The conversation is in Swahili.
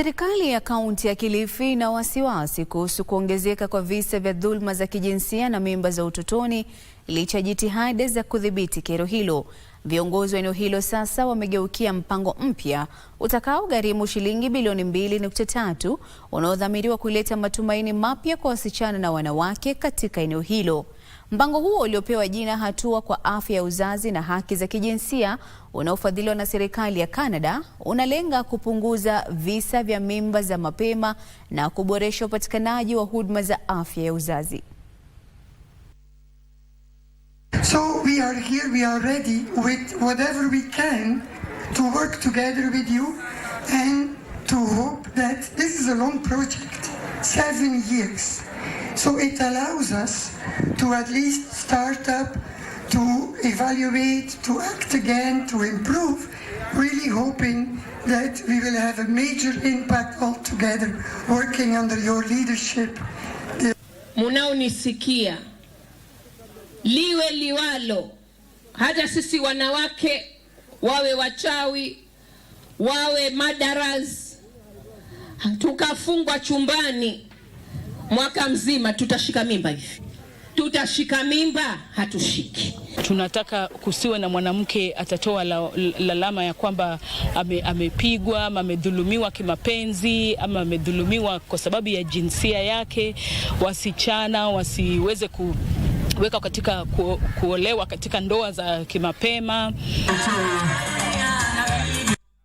Serikali ya kaunti ya Kilifi ina wasiwasi kuhusu kuongezeka kwa visa vya dhuluma za kijinsia na mimba za utotoni licha ya jitihada za kudhibiti kero hilo. Viongozi wa eneo hilo sasa wamegeukia mpango mpya utakaogharimu shilingi bilioni mbili nukta tatu unaodhamiriwa kuleta matumaini mapya kwa wasichana na wanawake katika eneo hilo. Mpango huo uliopewa jina Hatua kwa Afya ya Uzazi na Haki za Kijinsia, unaofadhiliwa na serikali ya Canada, unalenga kupunguza visa vya mimba za mapema na kuboresha upatikanaji wa huduma za afya ya uzazi. So we are here, we are ready with whatever we can to work together with you and to hope that this is a long project, seven years. So it allows us to at least start up, to evaluate, to act again, to improve, really hoping that we will have a major impact altogether working under your leadership. Munaonisikia, liwe liwalo, hata sisi wanawake wawe wachawi, wawe madaras, tukafungwa chumbani mwaka mzima tutashika mimba hivi? Tutashika mimba? Hatushiki. Tunataka kusiwe na mwanamke atatoa lalama la, ya kwamba amepigwa ama amedhulumiwa kimapenzi ama amedhulumiwa kwa sababu ya jinsia yake. Wasichana wasiweze ku weka katika kuolewa katika ndoa za kimapema.